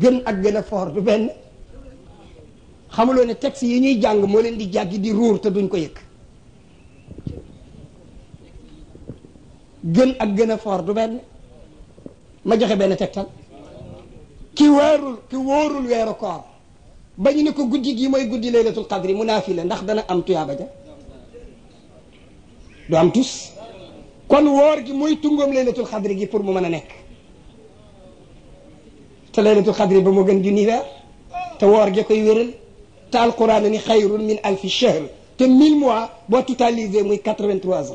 gën ak gën a foor du benn xamuloo ne si yi ñuy jàng moo leen di jàggi di ruur te duñ ko yëg gën ak gën a foor du benn ma joxe benn tegtal ki weerul ki wóorul weeru koor ba ñu ko guddi gi mooy guddi laylatul qadri mu naafi ndax dana am tuyaaba ja du am tus kon woor gi mooy tungam laylatul qadri gi pour mu mën a nekk فليلة القدر بمجن جنيفا توارج كي ويرل تا القرآن ني خير من ألف شهر تميل موا بو توتاليزي موي 83 عام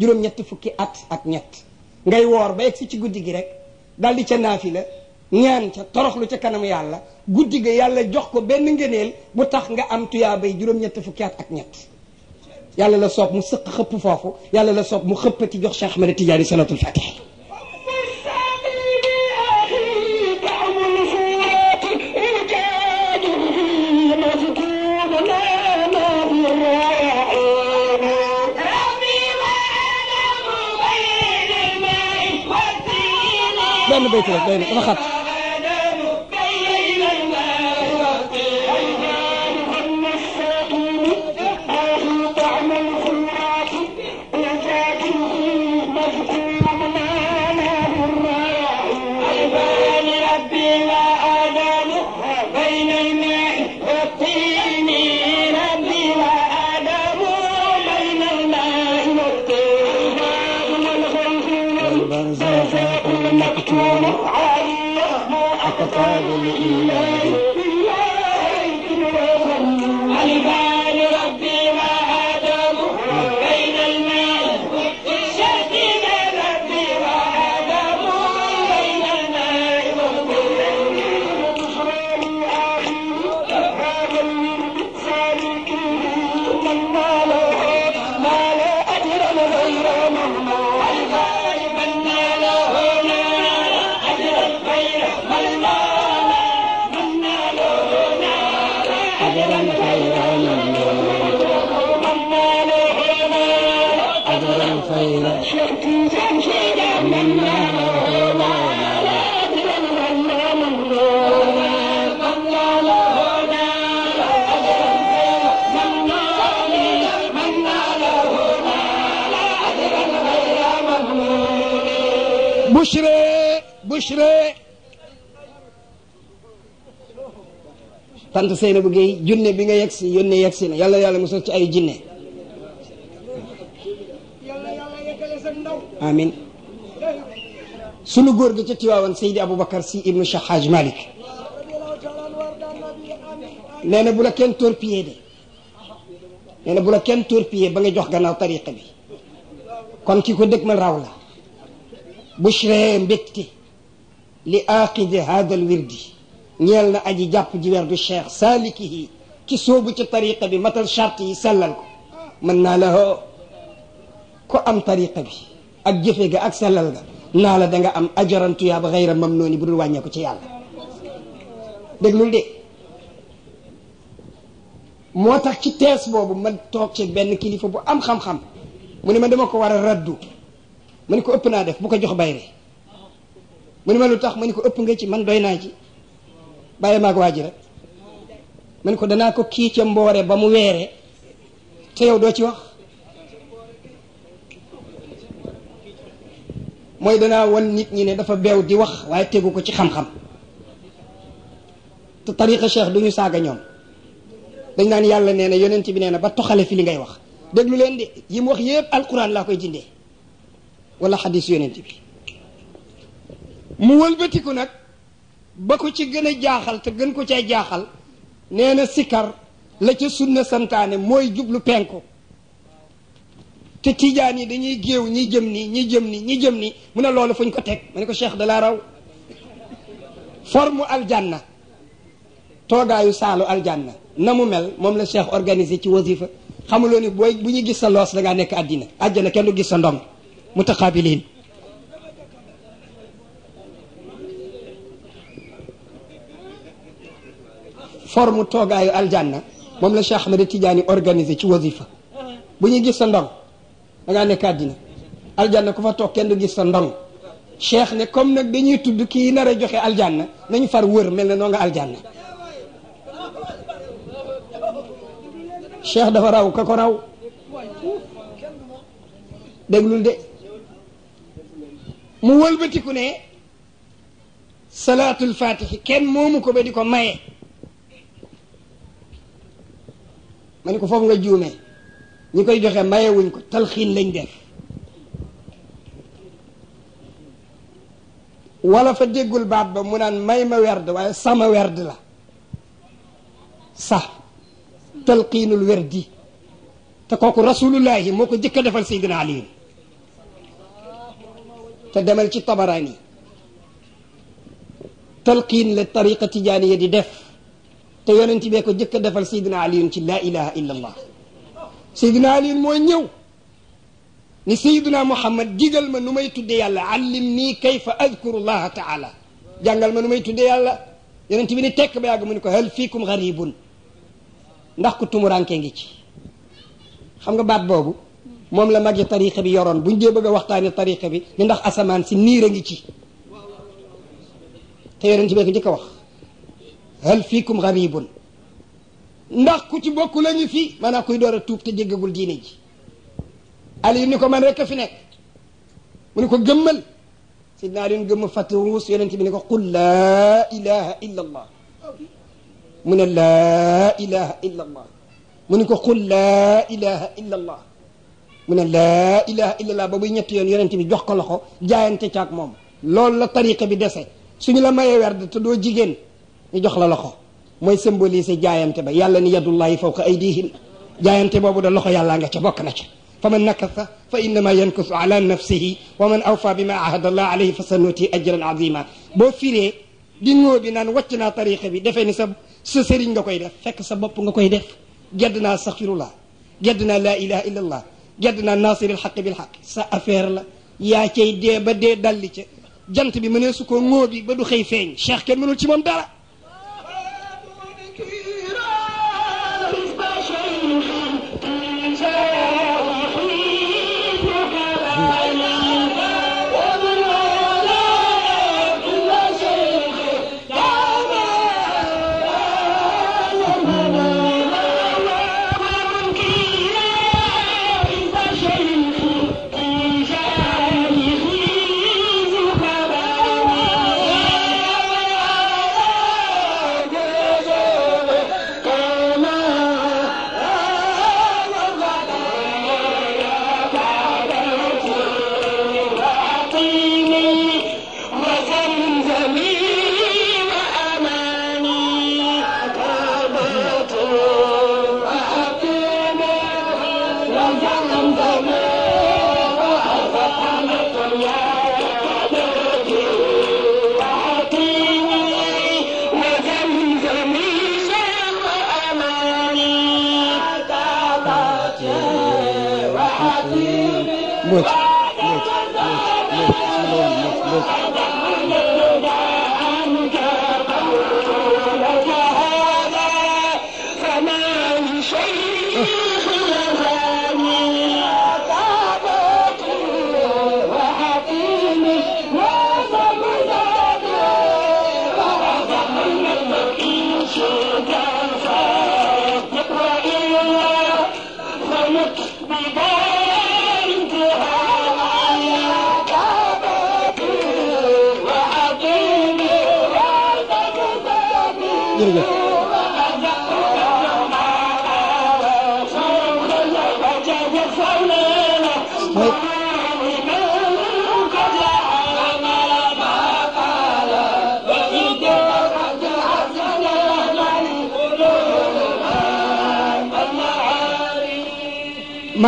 جروم نيت فوكي ات اك نيت غاي وور با اكسي تي غودي ريك دالدي تي نافي نيان تي توروخلو تي كانم يالا غودي غي يالا جوخ كو بن نغينيل بو تاخ غا ام تويا باي جروم نيت فوكي ات اك نيت يالا لا سوب مو سق خف فوفو يالا لا سوب مو خف تي جوخ شيخ احمد تجاري صلاه الفاتحه kleine beetje dan gaat أكمل أقطاب الإيمان لا يمكن لهم tant Seyna bu Géey junne bi nga yegg si yónne yegg si na yàlla yàlla mosal ci ay jinne amin sunu góor gi ca Tiwaawan Seydi Aboubacar si ibnu Chahaj Malik nee na bu la kenn torpillé de nee na bu la kenn torpillé ba nga jox gannaaw tariqa bi kon ki ko dëg ma raw la bushree mbégte li aaqidi haadal wirdi ñeel na aji japp ji werdu cheikh salikihi, ci sobu ci tariqa bi matal charte yi ko man na la ko am tariqa bi ak jefe ga ak sellal ga na la da nga am ajaran ya ba ghayra mamnuni bu dul ko ci deg lu de motax ci tes bobu man tok ci ben kilifa bu am xam-xam mu ne ma dama ko wara raddu ma ko upp na def bu ko jox bayre mu ma lu ko upp nga ci man doy ci baye mag waa rek man ko dana ko ki ci mbore ba mu wéré te yow do ci wax moy dana won nit ñi ne dafa bew di wax waye teggu ko ci xam-xam te tariqa cheikh duñu saga ñom dañ nan yàlla neena na yonent bi neena ba toxale fi li ngay wax déglu len de yim wax yeb alquran la koy jinde wala hadith yonent bi mu wëlbatiku nak ba ko ci gën a jaaxal te gën ko cay jaaxal nee na sikar la ca sunna santaane mooy jublu penku te tiijaan yi dañuy géew ñi jëm ni ñi jëm ni ñi jëm ni mu ne loolu fuñ ko teg ma ne ko cheikh da la raw forme aljanna toogaayu saalu aljanna na mu mel moom la cheikh organisé ci wasifa xamuloo ni booy bu ñu gis sa loos da ngaa nekk àddina àjjana kenn du gis sa ndong mutaqabiliin forme toogaayu aljanna moom la Cheikh Ahmed Tidiane organisé ci wazifa bu ñuy gis sa ndong da ngaa nekk àddina aljanna ku fa toog kenn du gis sa ndong cheikh ne comme nag dañuy tudd ki nar a joxe aljanna nañu far wër mel na noo nga aljanna cheikh dafa raw ka ko raw déglul de mu wëlbatiku ne salaatul fatixi kenn moomu ko ba di ko maye ma ne ko foofu nga juumee ñi koy joxe mayewuñ ko talxiin lañ def wala fa déggul baat ba mu naan may ma werd waaye sama werd la sax talxiinul werdi te kooku rasulullahi moo ko jëkk a defal Seydina Ali te demal ci Tabarani talxiin la tariqa tijaaniya di def te yonent bee ko jëkk a defal sayidina aliyun ci laa ilaha illa allah sayidina aliyun moo ñëw ni sayidina muhammad digal ma nu may tudde yàlla allim nii kayfa adkuru llaha taala jàngal ma nu may tudde yàlla yonent bi ni tekk ba yàgg mu ni ko hal fiikum garibun ndax ku tumuranke ngi ci xam nga baat boobu moom la magi tariqa bi yoroon buñ dee bëgg a waxtaane tariqa bi ni ndax asamaan si niir a ngi ci te yonent bee ko jëkk a wax hal fiikum gharibun ndax ku ci bokku la ngi fi maanaam kuy door a tuub te jéggagul diine ji ali ni ko man rek a fi nekk mu ni ko gëmmal sidna ali gëmm fàtt ruus yonente bi ni ko qul laa ilaha illa allah mu ne laa ilaha illa allah mu ni ko qul laa ilaha illa allah mu ne laa ilaha illa allah ba muy ñetti yoon yonente bi jox ko loxo jaayante caag moom loolu la tariqa bi dese suñu la mayee werd te doo jigéen ñu jox la loxo mooy symboliser jaayante ba yàlla ni yadullahi fawqa aydihin jaayante boobu da loxo yàlla nga ca bokk na ca فمن نكث فإنما ينكث على نفسه ومن أوفى بما عهد الله عليه فسنؤتي أجرا عظيما بو فيري di ngoo bi naan wàcc naa tariqa bi defee ni sa sa sëriñ nga koy def fekk sa bopp nga koy def gedd naa saxirullah gedd naa laa ilaha illa allah gedd naa nasir alxaq bilxaq sa affaire la yaa cay dee ba dee dalli ca jant bi mënee su ko ngoo bi ba du xëy feeñ cheikh kenn mënul ci moom dara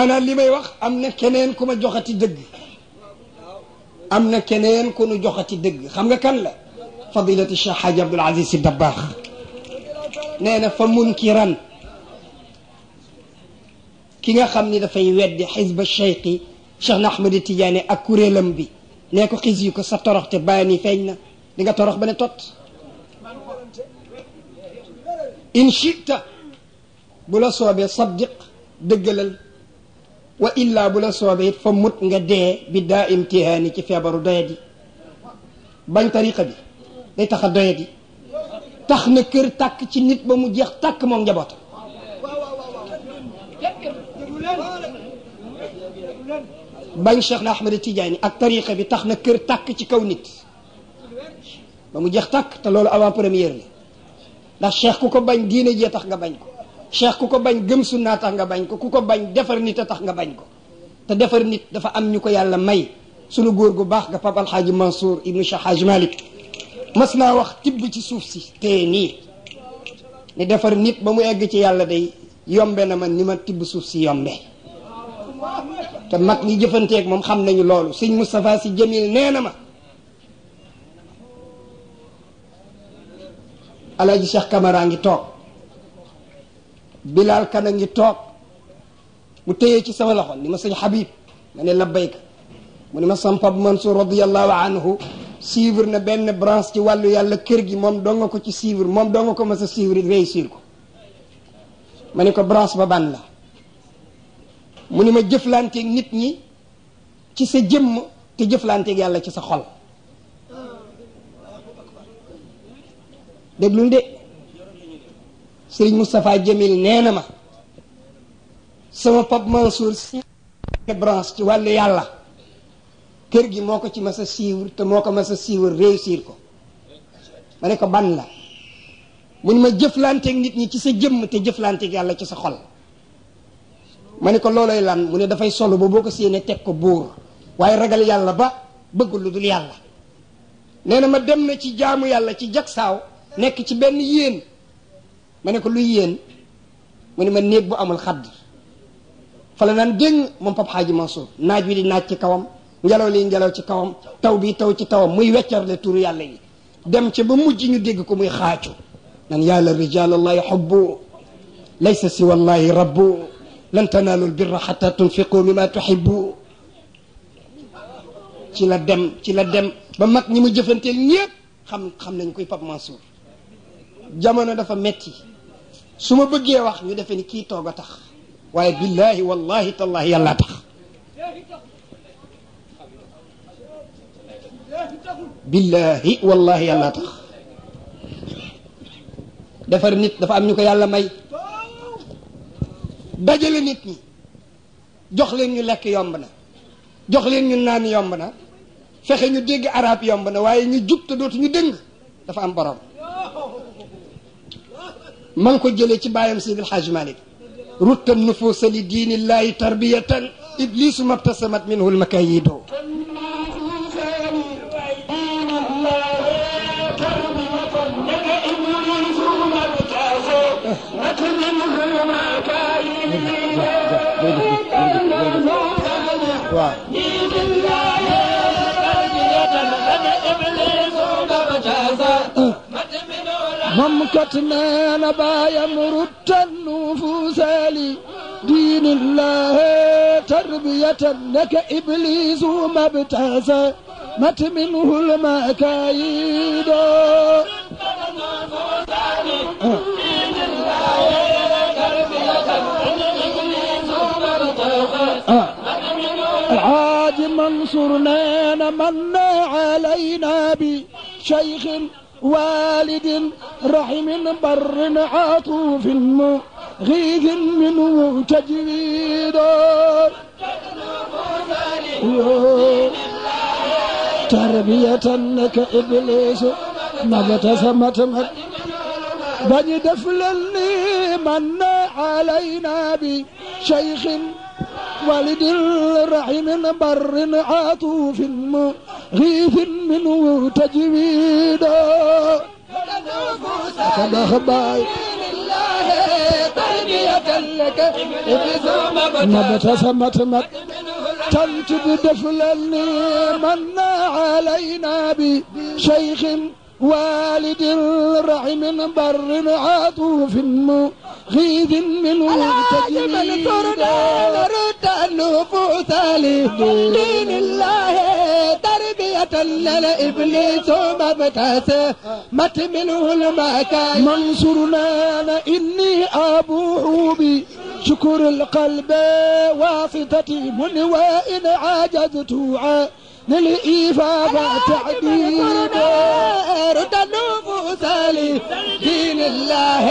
maanaam li may wax am na keneen ku ma joxati dëgg am na keneen ku nu joxati dëgg xam nga kan la fadilati Cheikh Hadji Abdoul Aziz Sy Dabakh nee na fa munkiran ki nga xam ni dafay weddi xisba cheikhi Cheikh Ahmed Tidiane ak kuréelam bi nee ko xis yu ko sa torox te bàyyi ni feeñ na di nga torox ba ne tot in chita bu la soobee saddiq dëggalal wa illaa bu la soobee it fa mut nga dee bi daa imtihaani ci feebaru doyadi bañ tariqa bi day tax a doyadi tax na kër tàkk ci nit ba mu jeex tàkk moom njaboot bañ Cheikh na Ahmed Tidiane ak tariqa bi tax na kër tàkk ci kaw nit ba mu jeex tàkk te loolu avant première la ndax Cheikh ku ko bañ diine jee tax nga bañ ko cheikh kuko bañ gem sunna tax nga bañ ko kuko bañ defar nit tax nga bañ ko te defar nit dafa am ñuko yalla may sunu goor gu bax ga pap alxaaji mansour ibnu cheikh haj malik mas wax tib ci suuf ci te ni ni defar nit ba mu egg ci yalla day yombe na man ni tib tibb suuf si yombe te ni ñi ak mom xam nañu loolu seigne moustapha si jamil neena ma alaaji cheikh kamara ngi tok bilaal kan a ngi toog mu téyee ci sama loxo ni ma sëñ Habib ma ne labbayka mu ne ma sam pap Mansour radiallahu anhu suivre na benn branche ci wàllu yàlla kër gi moom doo nga ko ci suivre moom doo nga ko mas a suivre siir ko ma ne ko branche ba ban la mu ne ma jëflanteeg nit ñi ci sa jëmm te jëflanteeg yàlla ci sa xol déglu de sëriñ Moustapha Jamil nee na ma sama pap Mansour si branche ci wàllu yàlla kër gi moo ko ci mas a siiwur te moo ko mas a siiwur réussir ko ma ne ko ban la mun ma jëflanteeg nit ñi ci sa jëmm te jëflanteeg yàlla ci sa xol ma ne ko looloy lan mu ne dafay solo ba boo ko séenee teg ko buur waaye ragal yàlla ba bëggul lu dul yàlla nee ma dem na ci jaamu yàlla ci jagsaaw nekk ci benn yéen ma ne ko luy yéen mu ne ma néeg bu amul xadd fa la naan déng moom Pap Xaaji Mansour naaj wi di naaj ci kawam ngelaw li ngelaw ci kawam taw bi taw ci tawam muy weccarle turu yàlla yi dem ca ba mujj ñu dégg ko muy xaacu nan yàlla rijal allahi xubbu laysa si wallahi rabbu lan tanaalu lbirra xata tunfiqu mima tuxibbu ci la dem ci la dem ba mag ñi mu jëfanteel ñëpp xam xam nañ koy Pap Mansour jamono dafa metti suma ma bëggee wax ñu defe ni kii toog a tax waaye billahi wallahi tallahi yàlla tax billahi wallahi yàlla tax defar nit dafa am ñu ko yàlla may dajale nit ñi jox leen ñu lekk yomb na jox leen ñu naan yomb na fexe ñu dégg arab yomb na waaye ñu jub te dootu ñu dëng dafa am borom من كو جيلي سي بايام سيد الحاج مالك رت النفوس لدين الله تربية إبليس ما ابتسمت منه المكايد ممكتنا كتمان بايا مرد النفوس لي دين الله تربية لك إبليس ما ابتسى مت منه المكايد العاج منصرنا من علينا بشيخ والد رحم بر عاطوف غيث منه تجويد تربية لك إبليس ما ابتسمت بني دفل اللي من علينا بشيخ والد رحم بر عاطوف ريف منه تجويدا كما دفلني من علينا بشيخ والد رحم بر عطوف مغيث منه تجميد من تردان رد النفوس لدين الله يتدلل إبليس مبتسه مت منه المكان منصرنا أنا إني أبوح شكر القلب واسطتي من وإن عجزت للإيفاء تعديد رد النفوس دين الله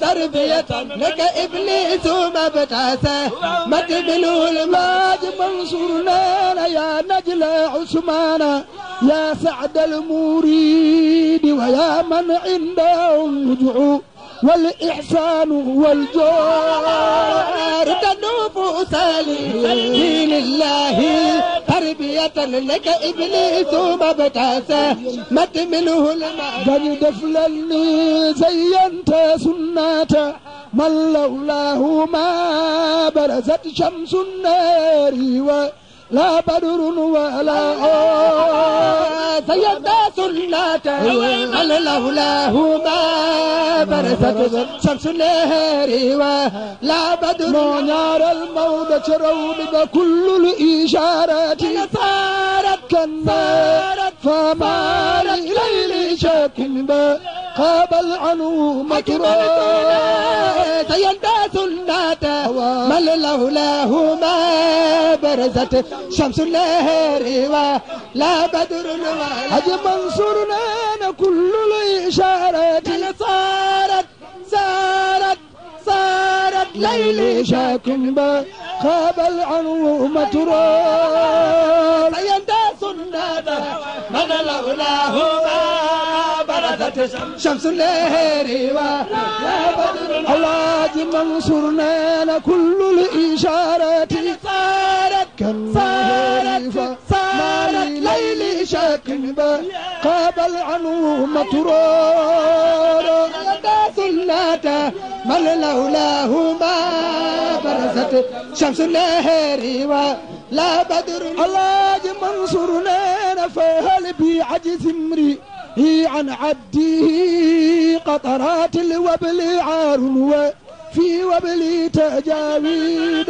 تربية لك إبليس ما مقبل الماج منصورنا يا نجل عثمان يا سعد المريد ويا من عندهم رجعوا والإحسان والجور تنوب سالي لله تربية لك إبليس ما بتاسى مت منه الماء قد دفلني زينت سنة من لولاه ما برزت شمس النار ولا بدر ولا أور فيدا سنة من لولاه ما برست شمس النهر لا بدر نار الموت شرون كل الإشارات صارت كالنار فما ليل شكل خاب العنوم تريد يندى سناته من لولاهما برزت شمس النهر ولا بدر ولا حج منصور لنا كل الإشارات صارت صارت صارت ليلي شاكن خاب العنوم تريد يندى سناته من لولاهما غابت شمس بدر الله منصورنا لكل الإشارات صارت صارت صارت ليل شاكب قابل عنه مطرور سلة من لولاهما برزت شمس النهر ولا بدر الله منصورنا فهل بعجز امرئ هي عن عبده قطرات الوبل عار في وبلي تجاويد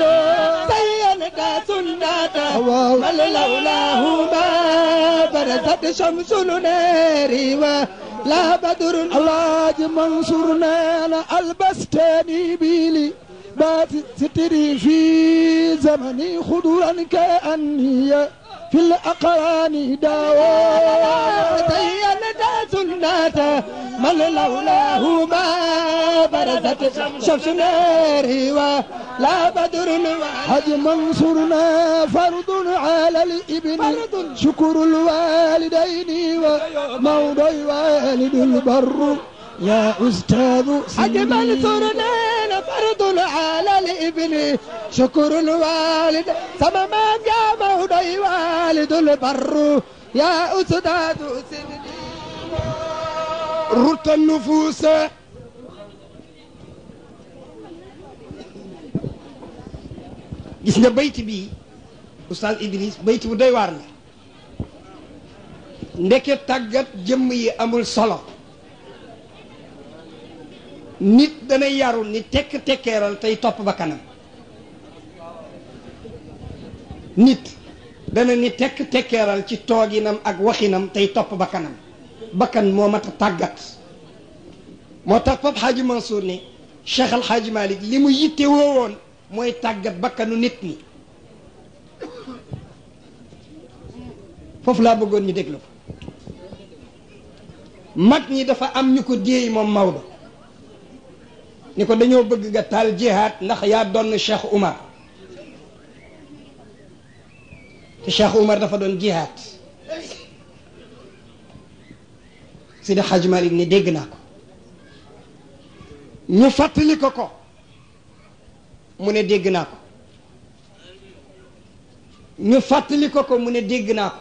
سيلقى سنة بل ما برزت شمس النار لا بدر الله منصورنا البستاني بيلي بات ستري في زمني خضرا كأني في الأقران داوى تزين دا سنة من لولاه ما برزت شمس هوا ولا بدر حج منصورنا فرض على الابن شكر الوالدين وموضع والد البر يا أستاذ أجمل ثرنين فرض على الإبن شكر الوالد ثم يا مولاي والد البر يا أستاذ رت النفوس جسنا بيت بي أستاذ إبليس بيت بدي وارنا نكت تجت جمي أمول الصلاة nit dana yaru ni tekk tekkeeral tey topp ba nit dana ni tekk tekkeeral ci tooginam ak waxinam tey topp bakkanam kanam bakkan moo mat a tàggat moo tax Pape Hadji Mansour ni Cheikh Al Hadji Malick li mu yitte woowoon mooy tàggat bakkanu nit ñi foofu laa bëggoon ñu déglu ko mag ñi dafa am ñu ko déey moom Maodo ni ko dañoo bëgg nga taal jihaad ndax yaa doon Cheikh Umar te Cheikh Umar dafa doon jihaad Sidi Hadj Malick ni dégg naa ko ñu fàttali ko ko mu ne dégg naa ko ñu fàttali ko ko mu ne dégg naa ko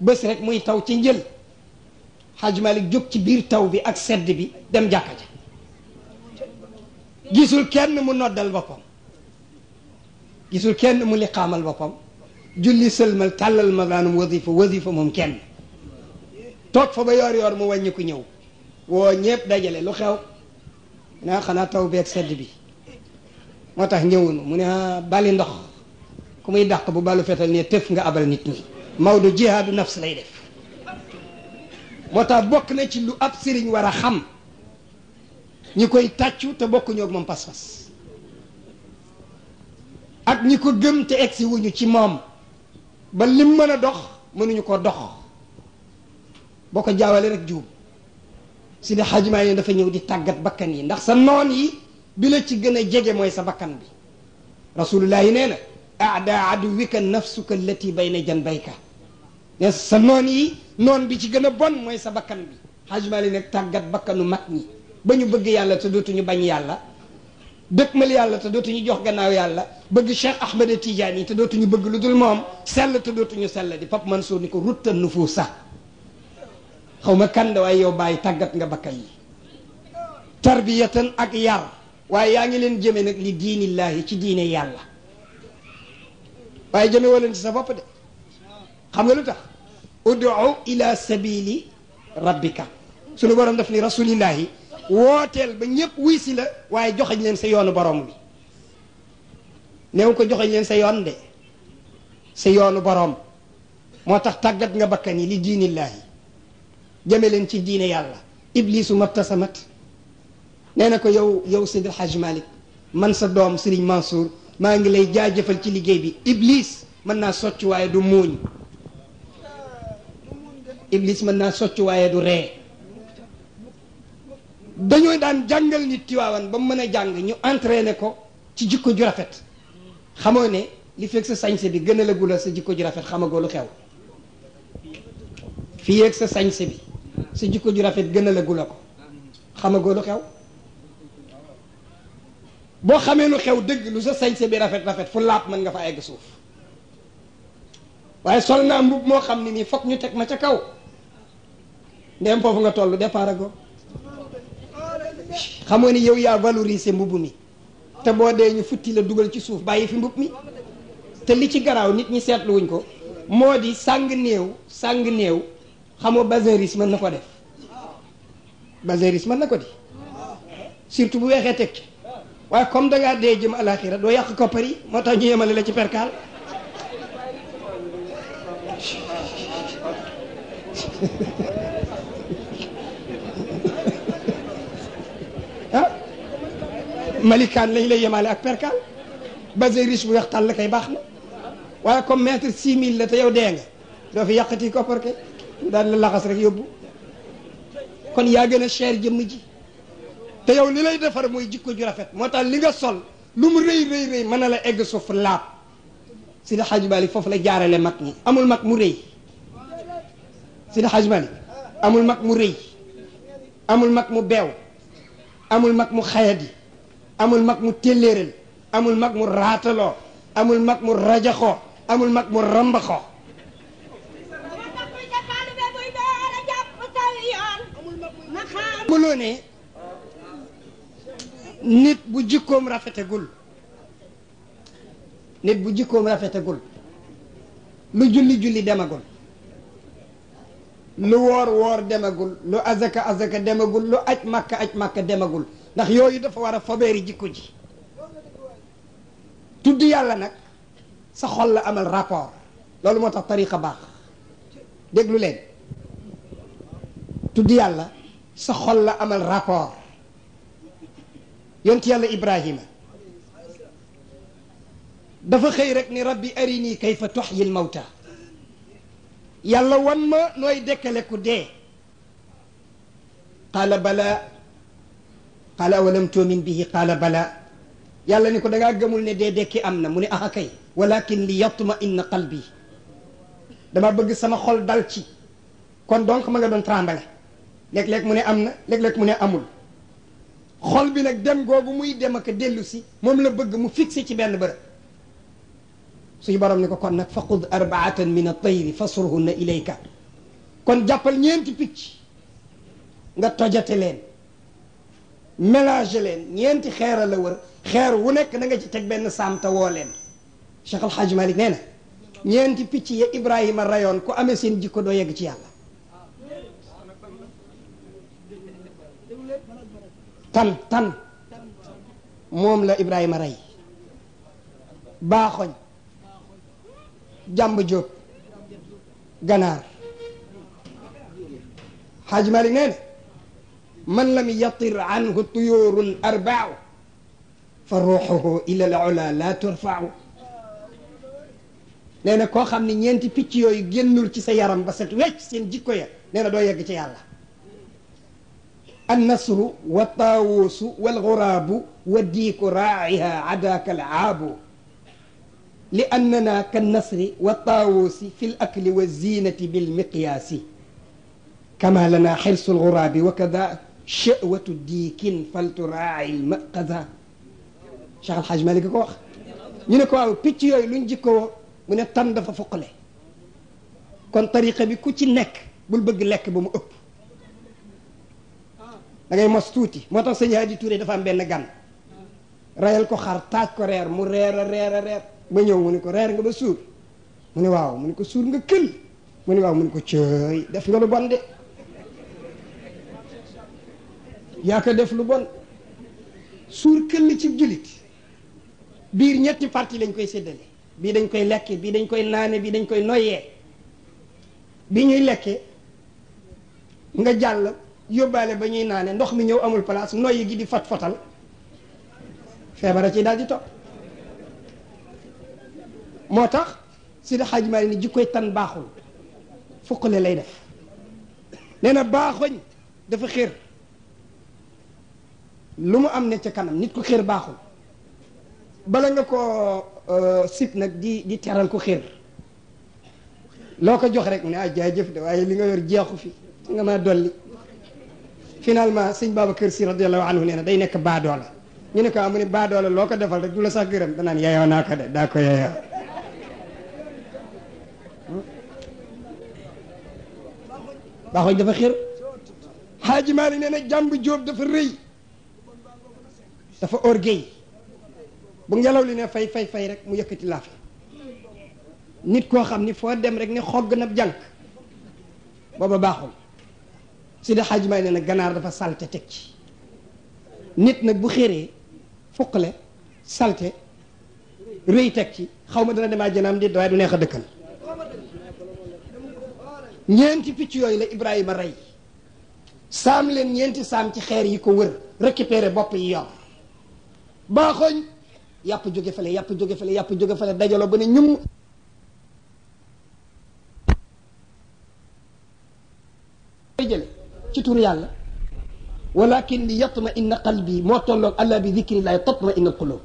bés rek muy taw ci njël Hadj Malick jóg ci biir taw bi ak sedd bi dem jàkka ja gisul kenn mu noddal boppam gisul kenn mu liqaamal boppam julli sëlmal tàllal ma daanum wasifa wasifa moom kenn toog fa ba yoor yoor mu wàññi ku ñëw woo ñëpp dajale lu xew naa ah, xanaa taw beeg sedd bi moo tax ñëwunu mu ne ah, bali ndox ku muy dàq bu balu fetal ne tëf nga abal nit ñi Maodo jihaadu nafs lay def moo tax bokk na ci lu ab sëriñ war a xam ñi koy tàccu te bokkuñu ak moom pas-pas ak ñi ko gëm te egsiwuñu ci moom ba lim mën a dox mënuñu koo dox boo ko jaawale rek juum si ne xajmaa yi dafa ñëw di tàggat bakkan yi ndax sa noon yi bi la ci gën a jege mooy sa bakkan bi rasulullah yi nee na aada aduwika nafsuka allati bayna janbayka ne sa noon yi noon bi ci gën a bon mooy sa bakkan bi xajmaa yi nag tàggat bakkanu mag ñi ba ñu bëgg yàlla te dootuñu bañ yàlla dëkkmal yàlla te dootuñu jox gannaaw yàlla bëgg Cheikh Ahmed tiijaan yi te dootuñu bëgg lu dul moom sell te dootuñu sell di Pape Mansour ni ko ruttan nu fuu sax xaw ma kan waaye yow bàyyi tàggat nga bakkan yi tarbiyatan ak yar waaye yaa ngi leen jëme nag li diinillaahi ci diine yàlla waaye jëme woo leen ci sa bopp de xam nga lu tax ud'u ila sabili rabbika sunu borom def ni rasulillahi wotel ba ñëpp wisi la waye joxañ leen sa yoonu borom bi néew ko joxañ leen sa yoon de sa yoonu borom motax tagat nga bakani li diinillaahi jëme leen ci diine yàlla iblisu mabtasamat neena ko yow yow sidi El malik man sa dom Serigne Mansour ma ngi lay jaajeufal ci liggey bi iblis man na soccu waye du muñ iblis man na soccu waye du ree dañoo daan jàngal nit Tiwaawan ba mu mën a jàng ñu entraîné ko ci jikko ju rafet xamoo ne li fekk sa sañse bi gën a gula sa jikko ju rafet xamagoo xew fii yeeg sa sañse bi sa jikko ju rafet gën la gula ko xamagoo lu xew boo xamee lu xew dëgg lu sa sañse bi rafet rafet fu laap mën nga fa egg suuf waaye sol naa mbub moo xam ne nii foog ñu teg ma ca kaw ndem foofu nga tollu départ ago xamoo ni yow yaa valoriser mbubb mi te boo dee ñu futti la dugal ci suuf bàyyi fi mbubb mi te li ci garaaw nit ñi seetluwuñ ko moo di sàng néew sàng néew xamoo baséris mën na ko def baséris mën na ko di surtout bu weexee teg waaye comme da ngaa dee jëm alaxira doo yàq koppar yi moo tax ñu yemale la ci perkaal ملكان لي لي مال اكبر كان بازي ريش بو يختال لكاي باخنا واي كوم متر 6000 لا تا يو دينغ دو في يقتي كوبر كي دال لا خاص رك يوبو كون يا غنا شير جيم جي تا يو لي لي دفر موي جيكو جو رافيت موتا ليغا سول لوم ري ري ري مانا لا ايغ سوف لاب سي الحاج مالك فوف لا جارالي مات ني امول مات مو ري سي الحاج مالك امول مات مو ري امول مات مو بيو امول مات مو خيادي amul mag mu télléeral amul mag mu raataloo amul mag mu rajaxo amul mag mu rambaxoo buloo ne nit bu jikkoom rafetegul nit bu jikkoom rafetegul lu julli-julli demagul lu woor woor demagul lu azaka azaka demagul lu aj màkka aj màkka demagul ndax yooyu dafa war a fobeeri jikko ji tudd yàlla nag sa xol la amal rapport loolu moo tax tariqa baax déglu leen tudd yàlla sa xol la amal rapport yont yàlla ibrahima dafa xëy rek ni rabbi arini kayfa tuxyi lmawta yàlla wan ma nooy dekkale ku dee qaala bala قال أولم تؤمن به قال بلى يلا نيكو داغا گمول ني دي ديكي امنا موني اها كاي ولكن ليطمئن قلبي دما بڬ سما خول دالتي كون دونك ماغا دون ترامبل ليك ليك موني امنا ليك ليك موني امول خول بي نك ديم غوغو موي ديم اك ديلوسي موم لا بڬ مو فيكسي سي بن بر سوي بارام نيكو كون نك فخذ اربعه من الطير فصرهن اليك كون جابال نينتي بيتش nga tojate len mélangé leen ñeenti xeer la wër xeer wu nekk da ci teg benn saam te woo leen Cheikh Al Hadj Malick nee na ñeenti picc ya Ibrahima rayoon ko amee seen jikko doo yegg ci yàlla. tan tan moom la Ibrahima ray baaxoñ jàmb jóob ganaar Hadj Malick nee من لم يطر عنه الطيور الأربع فروحه إلى العلا لا ترفع نينا كو خامني نينتي بيتي يوي генول سي سيارام با سيت ويتش سين جيكويا نينا دو ييغ سي يالا النصر والطاووس والغراب والديك راعيها عداك العاب لأننا كالنصر والطاووس في الأكل والزينة بالمقياس كما لنا حرص الغراب وكذا شقوة الديكين فلتراعي المأقذة شيخ الحاج مالك كوخ ينكو او بيتيو يلونجي كو من التند ففقلي كون طريقة بكوتي نك بل بق لك بم اوب لغاي مستوتي موتا سيني هادي توري دفعن بينا غان رايل كو خارتات كو رير مو رير رير رير منيو منيكو رير نغا بسور مني واو منيكو سور نغا كل مني واو منيكو چوي دفنو لبان دي yaa ko def lu bon suur këll ci jullit biir ñetti parti lañ koy séddale bii dañ koy lekke bii dañ koy naane bii dañ koy noyyee bi ñuy lekkee nga jàll yóbbaale ba ñuy naane ndox mi ñëw amul place noyyi gi di fat fatal feebara ci daal di to moo tax si da xaaj maali ni jikkoy tan baaxul fukkale lay def nee na baaxoñ dafa xér lu mu am ne ca kanam nit ku xéer baaxul bala nga ko euh, sit nag di di teral ku xéer loo ko jox rek mu ne ah jaajëf de waaye li nga yor jeexu fi nga ma dolli finalement sëñ Babacar Si radiyallahu anhu nee na day nekk baadoola ñu ne amu ah, ne loo ko defal rek du la sax gërëm danaan yeyoo naa ko de daa ko yeyoo baaxooñ dafa xéer xaaji Maalik nee na jàmb jóob dafa rëy dafa orgueil bu ngelaw li ne fay fay fay rek mu yëkkati laafi nit ko xamni fo dem rek ni xog na jànk baba baxul si da xaaj may ne ganar dafa salte tek ci nit nak bu xéré fukle salte reuy tek ci xawma ma dana demaa jënam di doy du neex a dëkkal ñeenti picc yoy la Ibrahima rey saam leen ñeenti sam ci xeer yi ko wër récupérer bop yi yor baaxoñ yàpp jóge fale yàpp jóge fale yàpp jóge fale dajaloo ba ne ñum jële ci tur yàlla walakin li yatma inna qalbi moo tolloog allah bi dicrillahi tatma inna alqulub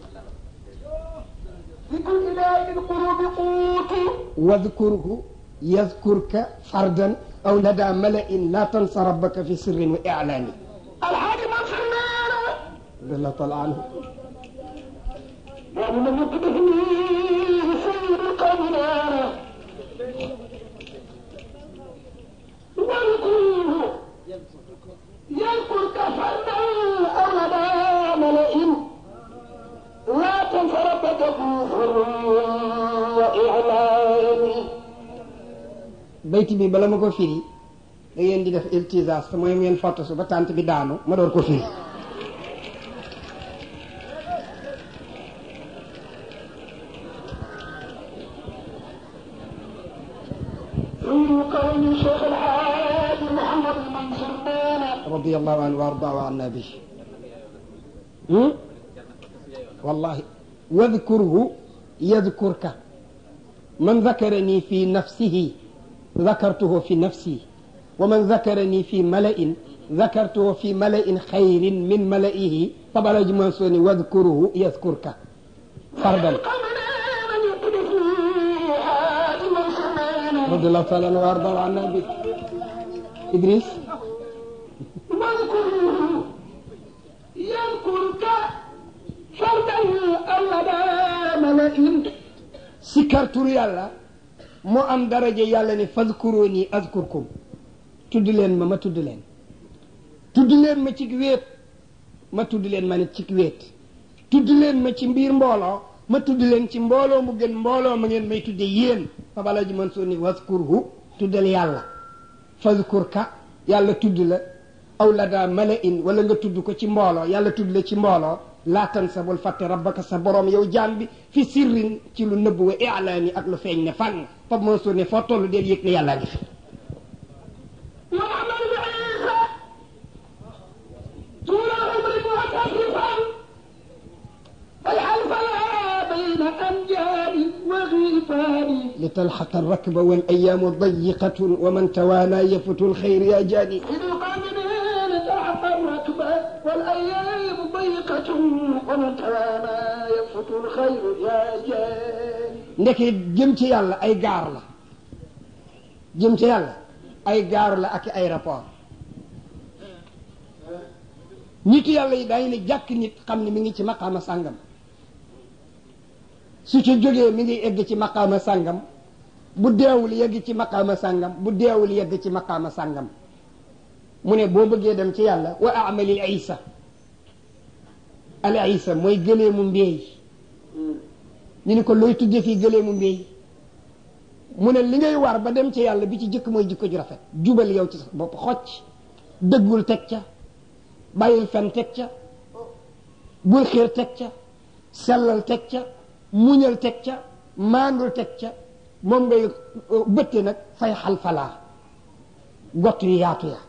واذكره يذكرك فردا أو لدى ملأ لا تنسى ربك في سر وإعلان الحاج منصور الله طلع عنه ولم يقبله سيد قبلا والقلوب ينقل كفرنا أبدا ملئ لا تنفر بتكفر وإعلان بيتي بي بلا ما كو فيري da ngeen di def iltisas te mooy ngeen fotosu ba tànt bi daanu ma door ko firi رضي الله عنه وارضاه عنا به والله واذكره يذكرك من ذكرني في نفسه ذكرته في نفسي ومن ذكرني في ملئ ذكرته في ملئ خير من ملئه طبعا جمانسوني واذكره يذكرك فردا رضي الله تعالى عنه وارضاه عن النبي إدريس abada ma in sikkar turu yàlla moo am daraja yàlla ne fazkuruni azkurkum tudd leen ma ma tudd leen tudd leen ma ci wéet ma tudd leen ma ne ci wéet tudd leen ma ci mbiir mbooloo ma tudd leen ci mbooloo mu gën mbooloo ma ngeen may tudde yéen Pape Alhaji Mansour ni wazkurhu tuddal yàlla fazkurka yàlla tudd la aw la mala in wala nga tudd ko ci mbooloo yàlla tudd la ci mbooloo لا تنسى بالفتح ربك سبرم يو جانبي في سر تلو نبوة إعلاني أكل فين نفان فمنسو نفوتو لدي يكني يالاني في لتلحق الركب والايام ضيقه ومن توالى يفت الخير يا جاني لتلحق الركب والايام طريقة jëm ci yàlla ay gaar la jëm ci gaar la ak ay rapport nit yàlla yi daañu ne jàkk nit xam ni mi ngi ci maqaama sàngam su ci jógee mi ngi egg ci maqaama sàngam bu deewul yegg ci maqaama sàngam bu deewul yegg ci maqaama sàngam mu ne boo bëggee dem ci yàlla wa amalil isa ala isa mooy gëleemu mbéy ñu ni ko looy tuddee fii gëleemu mbéy mu ne li ngay war ba dem ci yàlla bi ci jëkk mooy jikko ju rafet jubal yow ci bopp xocc dëggul teg ca bàyyil fen teg ca bul xiir teg ca sellal teg ca muñal teg ca maandul teg ca moom ngay bëtte nag fay xal falaa gott yu yaatu ya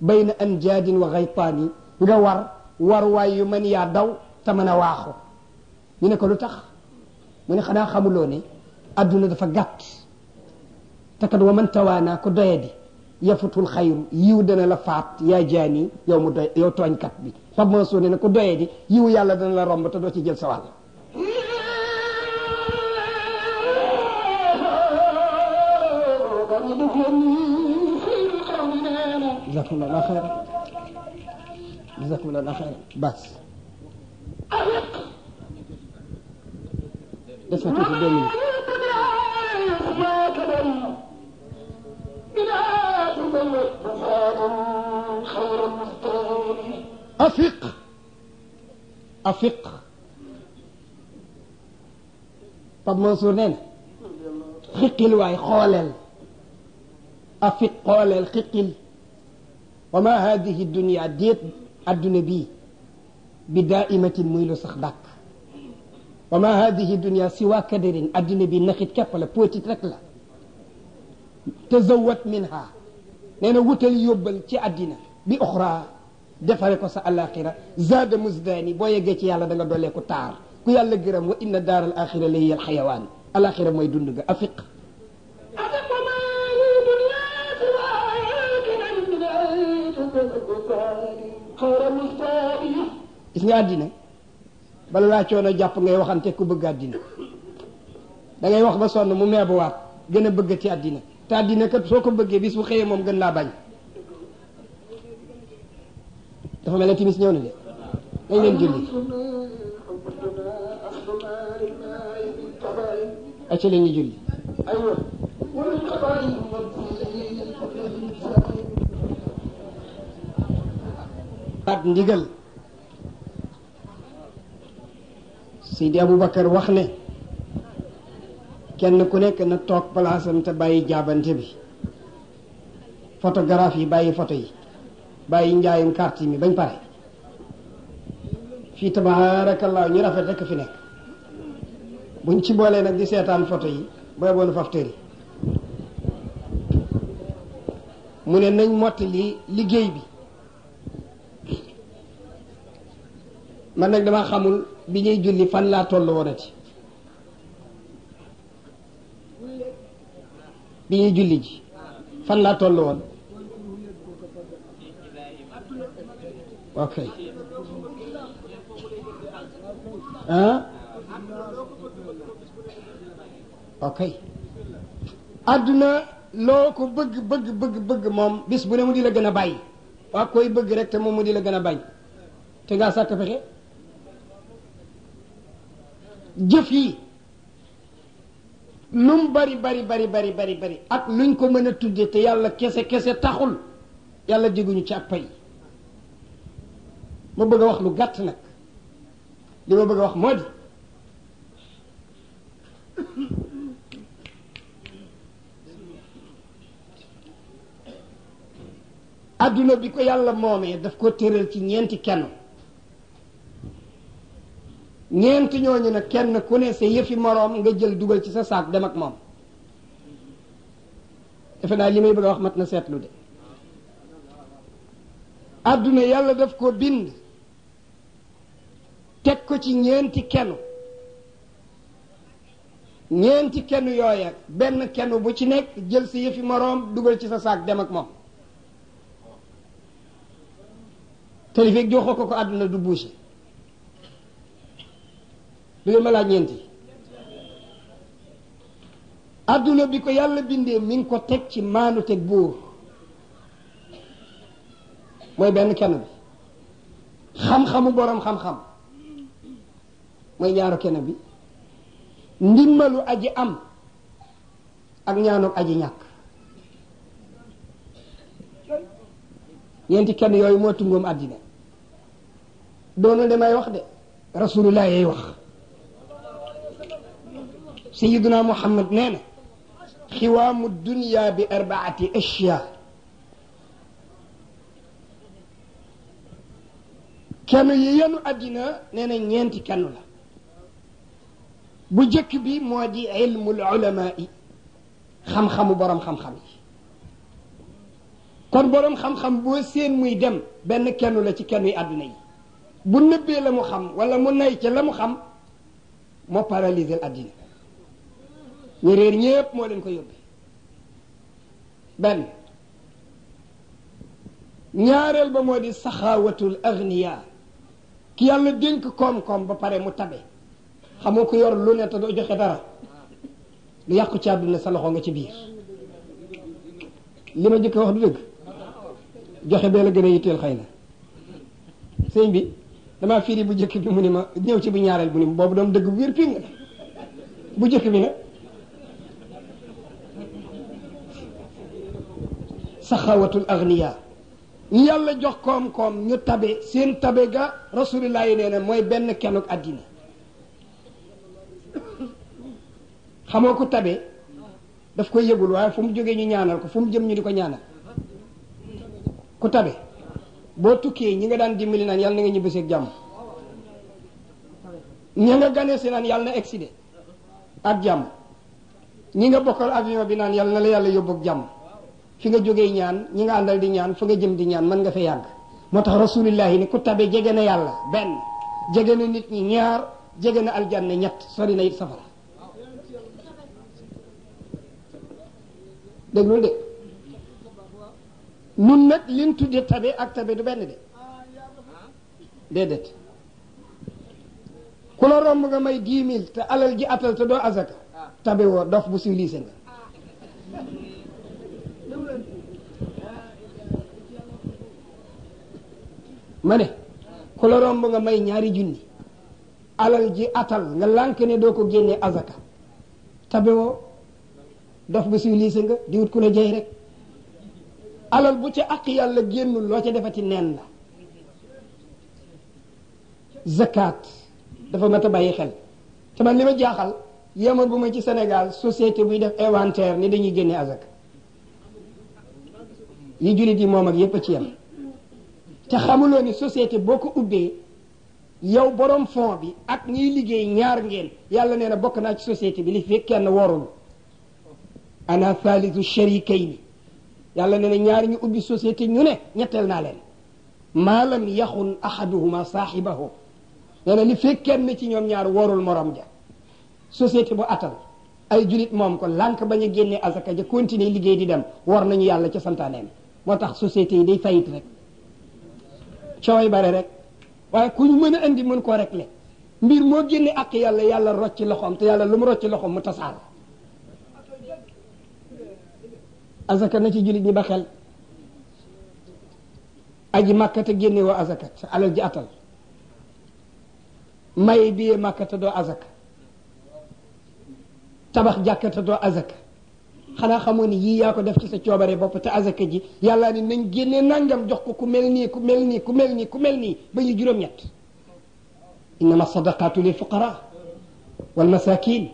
bayna anjaadin wa gaytaani nga war waruwaay yu mën yaa daw te mën a waaxu ñu ne ko lu tax mu ne xanaa xamuloo ne adduna dafa gàtt te kat wa man tawaana ku doyadi yafutul xayru yiw dana la faat yaa jaani yow mu doy yow tooñkat bi Pape Mansour ne ne ku doyadi yiw yàlla dana la romb te doo ci jël sa wàll جزاكم الله خيرا جزاكم الله خير بس اسمع كيف الدنيا أفق أفق طب منصور نين خقل واي قولل أفق قولل خقل وما هذه الدنيا ديت adduna bii bi daaimatin muy lu sax dàkk wa ma hadihi dunia siwa kadarin adduna bi naxit kepp la potit rek la tazawat minha nee na wutal yóbbal ci addina bi oxra defare ko sa alaxira zaada musdaani boo yeggee ci yàlla da nga dooleeku taar ku yàlla gërëm wa inna daar al axira la hiya al xayawaan alaxira mooy dund ga afiq xayra mixtaariya gis nga àddina bala laa coono jàpp ngay waxante ku bëgg àddina dangay wax ba sonn mu meebuwaat gën a bëgg ci àddina te àddina kat soo ko bëggee bis bu xëyee moom gën laa bañ dafa mel ne timis ñëw na de dañ leen julli ak ndigal Seydi Aboubacar wax ne kenn ku nekk na toog palaasam te bàyyi jaabante bi photographe yi bàyyi photo yi bàyyi njaayum carte mi bañ pare fii tabaarakallaa ñu rafet rekk fi nekk buñ ci boolee nag di seetaan photo yi booy boonu faf tëri mu ne nañ mottali liggéey bi man nag dama xamul bi ñuy julli fan laa toll woonati bi ñuy julli ji fan laa toll woon ok ah ok àdduna loo ko bëgg bëgg bëgg moom bis bu ne mu di la gën a bàyyi waa koy bëgg rek te moom mu di la gën a bañ te ngaa sàkk fexe jëf yi lu mu bari bari bari bari bari bari ak luñ ko mën a tudde te yàlla kese kese taxul yàlla diguñu ci ak pay ma bëgg a wax lu gàtt nag li ma bëgg a wax moo di adduna bi ko yàlla moomee daf ko tëral ci ñeenti kenn ñeent ñooñu na kenn ku ne sa yëfi moroom nga jël dugal ci sa saak dem ak moom defe naa li may bëgg a wax mat na seetlu de àdduna yàlla daf ko bind teg ko ci ñeenti kenu ñeenti kenn yooya benn kenn bu ci nekk jël sa yëfi moroom dugal ci sa saak dem ak moom te li fekk joxoo ko ko àdduna du bouché du ngeen ma laaj ñeenti adduna bi ko yàlla bindee mi ko teg ci maanu teg buur mooy benn kenn bi xam-xamu borom xam-xam mooy ñaaru kenn bi ndimbalu aji am ak ñaanoog aji ñàkk ñeenti kenn yooyu moo tungoom àddina doonul damay wax de rasulullah yay wax سيدنا محمد نانا قوام الدنيا بأربعة أشياء كان يينو أدنا نانا نيانتي كانو لا بجك بي موادي علم العلماء خم خم برم خم خم كون برم خم خم بو مي دم بان كانو لا تي كانوا أدني بو نبي لمو خم ولا مو ناي خم مو باراليزي الأدنى ñu réer ñépp moo leen ko yóbbi benn ñaareel ba moo di saxaawatul agniya ki yàlla dénk koom-koom ba pare mu tabe xamoo ko yor lu ne doo joxe dara lu yàqu ci àdduna sa loxo nga ci biir li ma njëkk wax du dëgg joxe bee la gën a yitteel xëy na sëñ bi damaa firi bu njëkk bi mu ni ma ñëw ci bu ñaareel bu ni ma boobu doom dëgg bu wér ping bu njëkk bi nag saxawatul aghniya ñu yàlla jox koom-koom ñu tabe seen tabe ga rasulillah yi nee na mooy benn kenuk adina xamoo ko tabe daf koy yëgul waaye fu mu jógee ñu ñaanal ko fu mu jëm ñu di ñaanal ku tabe boo tukkee ñi nga daan dimbali naan yàlla na nga ñibbiseeg jàmm ñi nga naan na exide ak jàmm ñi nga bokkal avion bi naan na la yàlla yóbbu fi nga jógee ñaan ñi nga àndal di ñaan fa nga jëm di ñaan mën nga fa yàgg moo tax rasulillahi ni ku tabe jege na yàlla benn jege na nit ñi ñaar jege na aljanna ñett sori na it safara déglul de nun nag liñ tudde tabe ak tabe du benn de déedéet ku la romb nga may dix mille te alal ji atal te doo azaka tabe woo dof bu civilisé nga ma ne ku la romb nga may ñaari junni alal ji atal nga lànk ne doo ko génnee azaka tabewoo dof bu siw liise nga di wut ku la jey rek alal bu ci ak yàlla génnul loo ca defati neen la zakat dafa mat a bàyyi xel te man li ma jaaxal yemoon bu ma ci senegal société buy def inventaire ni dañuy génne azaka yi jullit yi moom ak yépp a ci yem te xamuloo ni societé boo ko ubbee yow borom fond bi ak ñuy liggéey ñaar ngeen yàlla nee na bokk naa ci société bi ni fi kenn warul ana thalithu sharikayni yàlla nee na ñaar ñu ubbi société ñu ne ñetteel naa leen maa lam yaxun ahaduhuma saaxibahu nee na li fekk kenn ci ñoom ñaar warul moroom ja société bu atal ay julit moom ko lànk ba a génnee azaka ja continuer liggéey di dem war nañu yàlla ca santaaneem moo tax société yi day fayit rek cooway bare rek waye ku ñu mën andi mën ko rek le mbir mo génne ak yàlla yàlla rocc loxom te yàlla lu mu rocc loxom mu tassal azaka na ci julit ñi ba xel aji màkkata génne wa azakat alal ji atal may biye màkkata do azaka tabax jàkkata do azaka xana xamone yi ya ko def ci sa ciobare bop te azaka ji yàlla ni nañ génne nangam jox ko ku melni ku melni ku melni ku melni ba ñu ñet innama sadaqatu lil fuqara wal masakin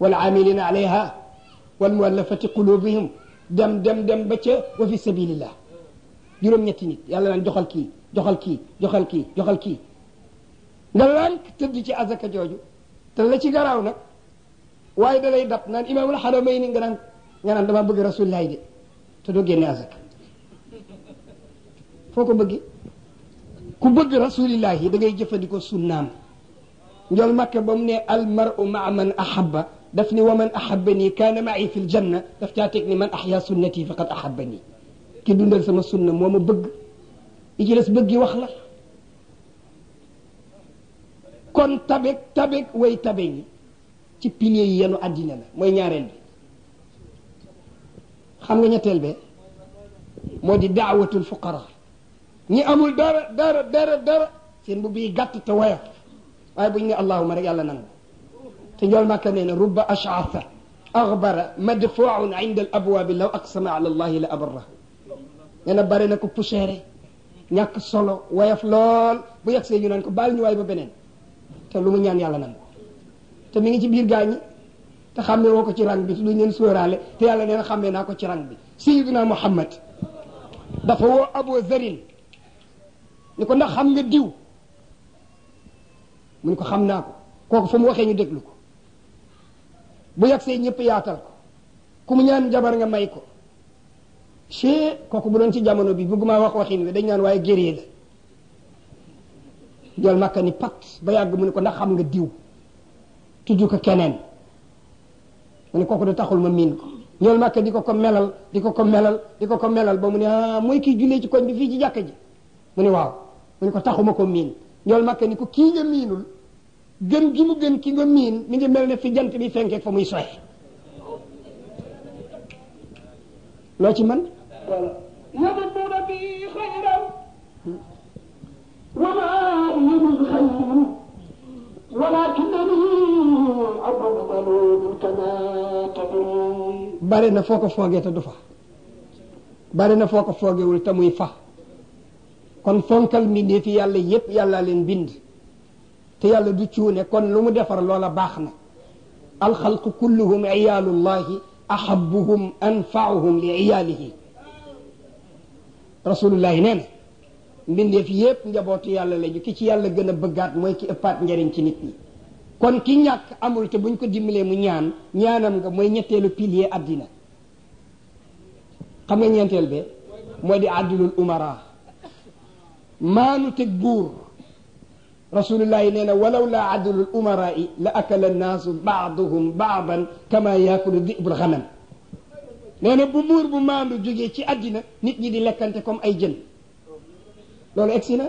wal amilina alayha wal muallafati qulubihim dem dem dem ba ca wa fi sabilillah juroom ñet nit yàlla naan joxal ki joxal ki joxal ki joxal ki nga lànk tëdd ci azaka joju te la ci garaw nak waaye da lay dab naan imaamul xaramay ni nga naan nga naan dama bëgg rasulillah de te doo génne azak foo ko bëgg ku bëgg rasulillah da ngay jëfandikoo sunnaam njol makka ba mu ne al mar'u ma'a man ahabba daf ni wa man ahabbani kana ma'i fil janna daf caa teg ni man ahya sunnati faqad ahabbani ki dundal sama sunna moo ma bëgg li ci des bëgg wax la kon tabek tabek way tabe yi ci pilier yi yenu adina la moy ñaarel bi xam nga ñettel be modi da'watul fuqara ñi amul dara dara dara dara seen bu bi gàtt te waya waaye buñ ne allahumma rek yàlla nang te ñol màkka nee na rubba ashaatha aghbara madfuun inda al abwab law aqsama ala allah la abarra ñena bare na ko poussere ñak solo woyof lol bu yegsee ñu nan ko bal ñu way ba benen te lu mu ñaan yàlla nangu te mi ngi ci biir gaañi te xam xàmmee woo ko ci rang bi te duñ leen sóoraale te yàlla nee na xàmmee naa ko ci rang bi sayiduna muhammad dafa woo abu zarin ni ko nag xam nga diw mun ko xam naa ko kooku fu mu waxee ñu déglu ko bu yagsee ñëpp yaatal ko ku mu jabar nga may ko che kooku bu doon ci jamono bi bëgguma wax waxin dañ naan waaye gérée la jol màkka ni mu ne ko ndax xam nga diw tudd ko keneen mu ne kooku da taxul ma miin ko ñool màkk di ko ko melal di ko ko melal di ko ko melal ba mu ne ah mooy kii jullee ci koñ bi fii ci jàkka ji mu ne waaw mu ne ko taxuma ko miin ñool màkk ni ko kii nga miinul gën gi mu gën ki nga miin mi ngi mel fi jant bi fenkeek fa muy soxe loo ci man wala ولكن أبغض الوجوه كما تدرون bari na foo ko foogee te du fa bari na foo ko foogewul tamuy fa kon fonkal mbindeef yi yàlla yépp yàlla leen bind te yàlla du cuune kon lu mu defar loola baax na alxalqu kulluhum iyaalullahi ahabuhum anfaauhum li iyaalihi rasulullahi nee na mbindeef yépp njabootu yàlla lañu ki ci yàlla gën a bëggat mooy ki ëppaat njariñ ci nit ñi kon ki ñàkk amul te buñ ko dimbalee mu ñaan ñaanam ga mooy ñetteelu pilier àddina xam nga ñeenteel be mooy di àddilul umara maanu teg buur rasulullah yi nee na walaw yi la akala naasu baaduhum baadan kama yaakulu dibul xanam nee na bu buur bu maandu jógee ci àddina nit ñi di lekkante comme ay jën loolu egsi na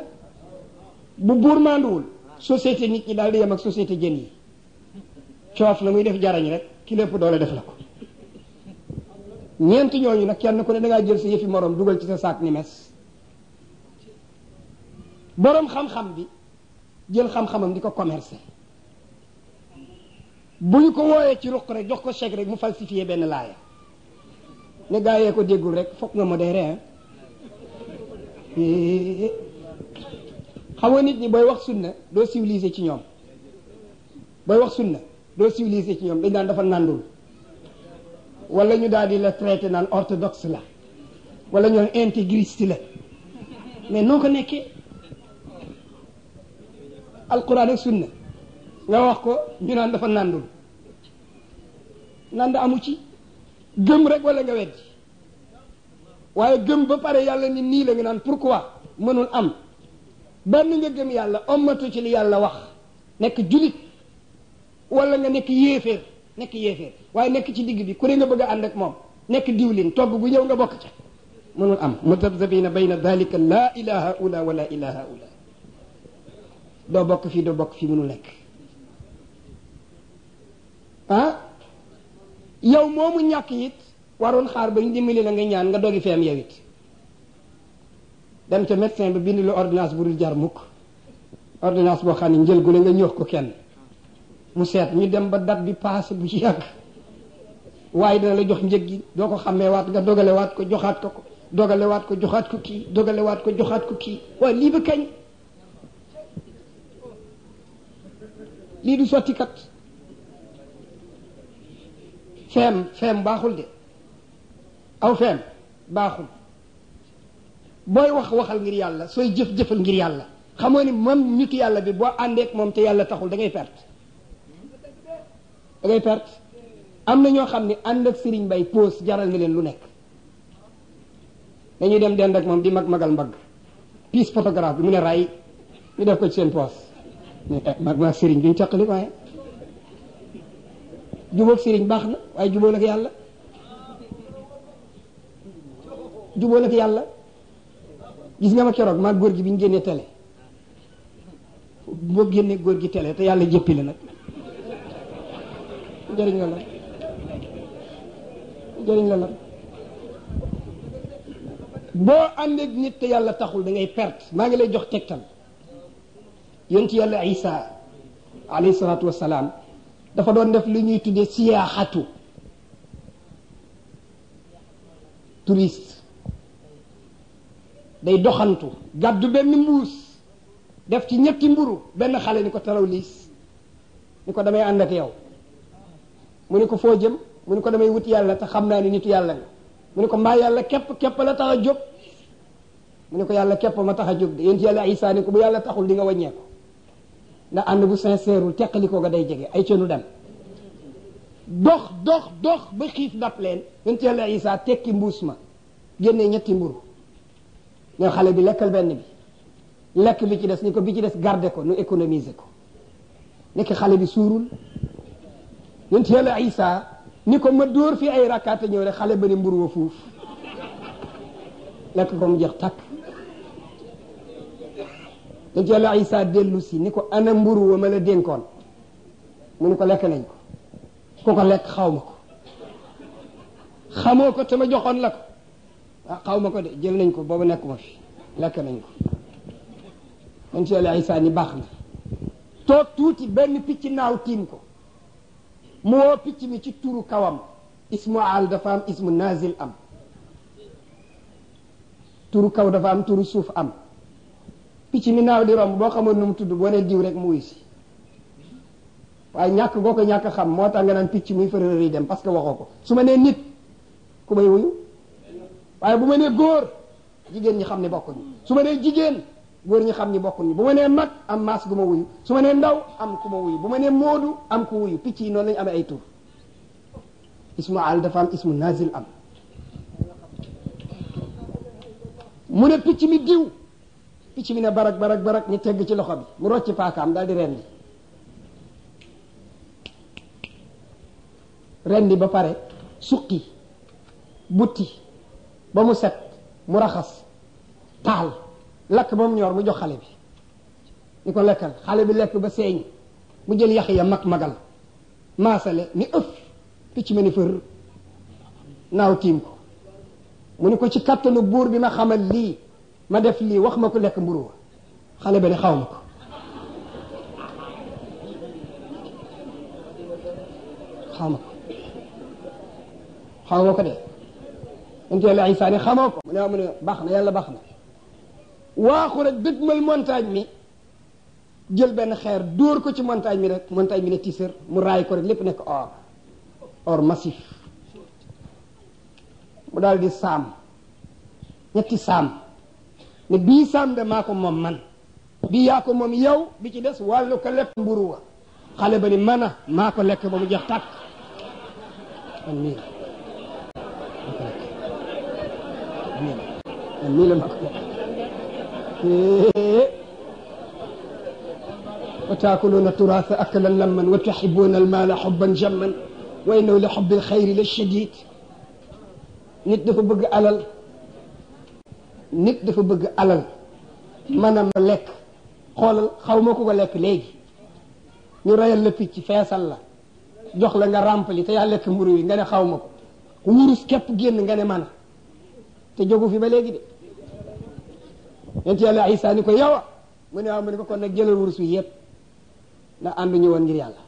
bu buur maanduwul société nit ñi daal di yem ak société jën yi coof la muy def jarañ rek ki lépp doole def la ko ñeenti ñooñu nag kenn ku ne dangaa jël sa yëfi moroom dugal ci sa saak ni mes boroom xam-xam bi jël xam-xamam di ko commercer bu ñu ko wooyee ci ruq rek jox ko chèque rek mu falsifier benn laaya ne gaa yee ko déggul rek foog nga modéré xam nga nit ñi booy wax sunna doo civilisé ci ñoom booy wax sunna doo civilisé ci ñoom dañ daan dafa nàndul wala ñu daal di la traité naan orthodoxe la wala ñoo intégriste la mais noo ko nekkee alquran ak sunna nga wax ko ñu naan dafa nàndul nànd amu ci gëm rek walla nga weddi waaye gëm ba pare yàlla ni nii la nga naan pourquoi mënul am benn nga gëm yàlla ommatu ci li yàlla wax nekk julit wala nga nekk yéeféer nekk yéeféer waaye nekk ci digg bi ku ne nga bëgg a ànd moom nekk diwlin togg bu ñëw nga bokk ca mënul am mudabdabina bayna dalika laa ila haula wala ila bokk fii doo bokk fii mënul nekk ah yow moomu ñàkk it waroon xaar ba ñu dimbali la nga ñaan nga dogi feem yow it dem ca médecin ba bind la ordinance bu dul jar mukk ordonnance boo xam ne njël gu ne nga ñoox ko kenn mu seet ñu dem ba dat bi paase bu ci yàgg waaye dana la jox njëg gi doo ko xàmmee waat nga dogalewaat ko joxaat ko dogalewaat ko joxaat ko kii dogalewaat ko joxaat ko kii waaye lii ba kañ lii du sotti kat feem feem baaxul de aw fen baxul boy wax waxal ngir yalla soy jëf jëfal ngir yalla xamoo ni moom nitu yalla bi bo ande ak mom te yalla taxul da ngay perte da ngay perte am na ñoo xam ne ak serigne bay poos jaral na len lu nek dañu dem dend ak mom di mag magal mag pis photographe mu ne ray ñu def ko ci seen poos eh, mag ma serigne duñ caqali way jubóog serigne baxna way waaye jubóog ak yàlla jubóole ak yàlla gis nga ma keroog maa góor gi bi ñu génnee télé boo génnee góor gi tele te yàlla jéppile la nag njëriñ la la njëriñ la la boo àndeeg nit te yàlla taxul dangay ngay perte maa ngi lay jox tegtal yonent yàlla Isaa alayhi salaatu wasalaam dafa doon def lu ñuy tuddee siyaaxatu touriste day doxantu gaddu benn mbuus def ci ñetti mburu benn xale ni ko taraw liis ni ko damay ànd ak yow mu ni ko foo jëm mu ni ko damay wut yàlla te xam naa ni nitu yàlla nga mu ni ko mbaa yàlla képp képp la tax a jóg mu ni ko yàlla képp ma tax a jóg de yéen yàlla isa ni ko bu yàlla taxul di nga ko ndax ànd bu ga day jege ay cënu dem dox dox dox ba xiif dab leen yàlla isa tekki mbuus ma génne ñetti mburu ne xale bi lekkal benn bi lekk bi ci des ni ko bi ci des garder ko nu économiser ko nekk xale bi suurul ñun ci yàlla isa ni ko ma dóor fi ay rakkaate ñëw rek xale ba ni mburu wa fuuf lekk ko mu jeex takk ñun ci yàlla isa dellu si ni ko ana mburu wa ma la dénkoon mu ni ko lekk nañ ko ku ko lekk xaw ma ko xamoo ko te ma joxoon la ko Ah, xaw ma ko de jël nañ ko boobu nekkuma fi lekk nañ ko man si baax na toog benn picc naaw tiim ko mu woo picc mi ci turu kawam ismu al dafa am ismu nazil am turu kaw dafa am turu suuf am picc mi naaw di romb boo xamoon nu mu tudd boo ne diw rek mu wuy si waaye ñàkk goo ko ñàkk xam moo tax nga naan picc muy fërërëri dem parce que waxoo ko su ma nee nit ku may wuyu waaye bu ma nee góor jigéen ñi xam ne bokkuñu su ma nee jigéen góor ñi xam ni bokkuñu bu ma nee mag am maas gu ma wuyu su ma nee ndaw am ku ma wuyu bu ma nee moodu am ku wuyu picc yi noonu lañu amee ay tur ismu al dafa am ismu nazil am mu ne picc mi diw picc mi ne barak barak barak ñu teg ci loxo bi mu rocci paakaam daal di rendi rendi ba pare suqi butti ba mu set mu raxas taal lakk ba mu ñor mu jox xale bi ñu ko lekkal xale bi lekk ba seeñ mu jël yax mag magal maasale ni ëf picc ma ni fër naaw tiim ko mu ni ko ci kattanu buur bi ma xamal lii ma def lii wax ma ko lekk mburu wa xale ba ni xaw ma ko xaw ma ko xaw انت يا عيسى انا خموكم لا من بخنا يلا بخنا واخر الدقم المونتاج مي جيل بن خير دور كو سي مونتاج مي رك مونتاج مي تيسر مو راي كو رك ليپ نيك اور اور ماسيف مو دال دي سام نيتي سام ني بي سام ده ماكو موم مان بي ياكو موم ياو بي سي ديس والو كليب مبروا خالي بني مانا ماكو لك مو جاك تاك امين سمي لهم إيه. وتاكلون التراث اكلا لما وتحبون المال حبا جما وانه لحب الخير للشديد نت دفو بغ علل نت دفو بغ علل منام لك خولال خاوما كوكو لك ليغي ni royal le picc fessal la jox la nga rampli te yalla ke muru yi nga ne xawmako wurus kep genn nga ne man te jogu fi ba legui de yonent yàlla Isaa ni ko yow a mu ne waaw mu ne ko kon nag jëlal wurus wi yëpp ndax ànduñu woon ngir yàlla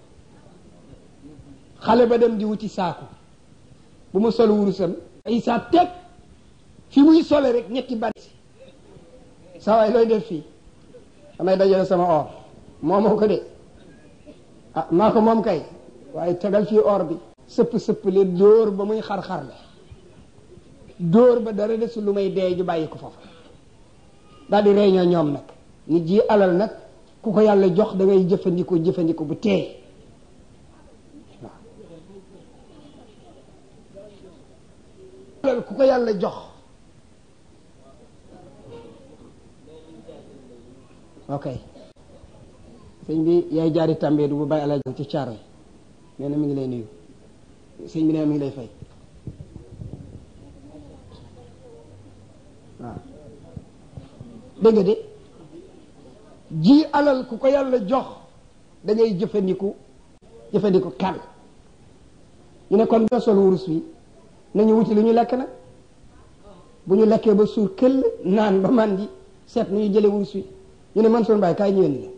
xale ba dem di wuti saaku bu ma sol wurusam Isaa teg fi muy sole rek ñetti bari sa waay looy def fii damay dajale sama or moomoo ko de ah maa ko moom kay waaye tegal fii or bi sëpp sëpp leen dóor ba muy xar-xar la dóor ba dara desul lu may dee ju bàyyi ko foofu daal di réunion ñoom nag nit ji alal nag ku ko yàlla jox dangay jëfandikoo jëfandikoo bu teey waaw alal ku ko yàlla jox ok sëñ bi yaay jaari tàmbee du bu bàyyi alal ci caar yi nee na mi ngi lay nuyu sëñ bi nee na mi ngi lay fay waaw dégg nga de ji alal ku ko yàlla jox dangay ngay jëfandiku jëfandiku kan ñu ne kon nga sol wurus wi nañu wuti lu ñu lekk nag bu ñu lekkee ba suur këll naan ba màndi seet nu ñu jële wurus wi ñu ne man son bàyyi kaay ñu yónni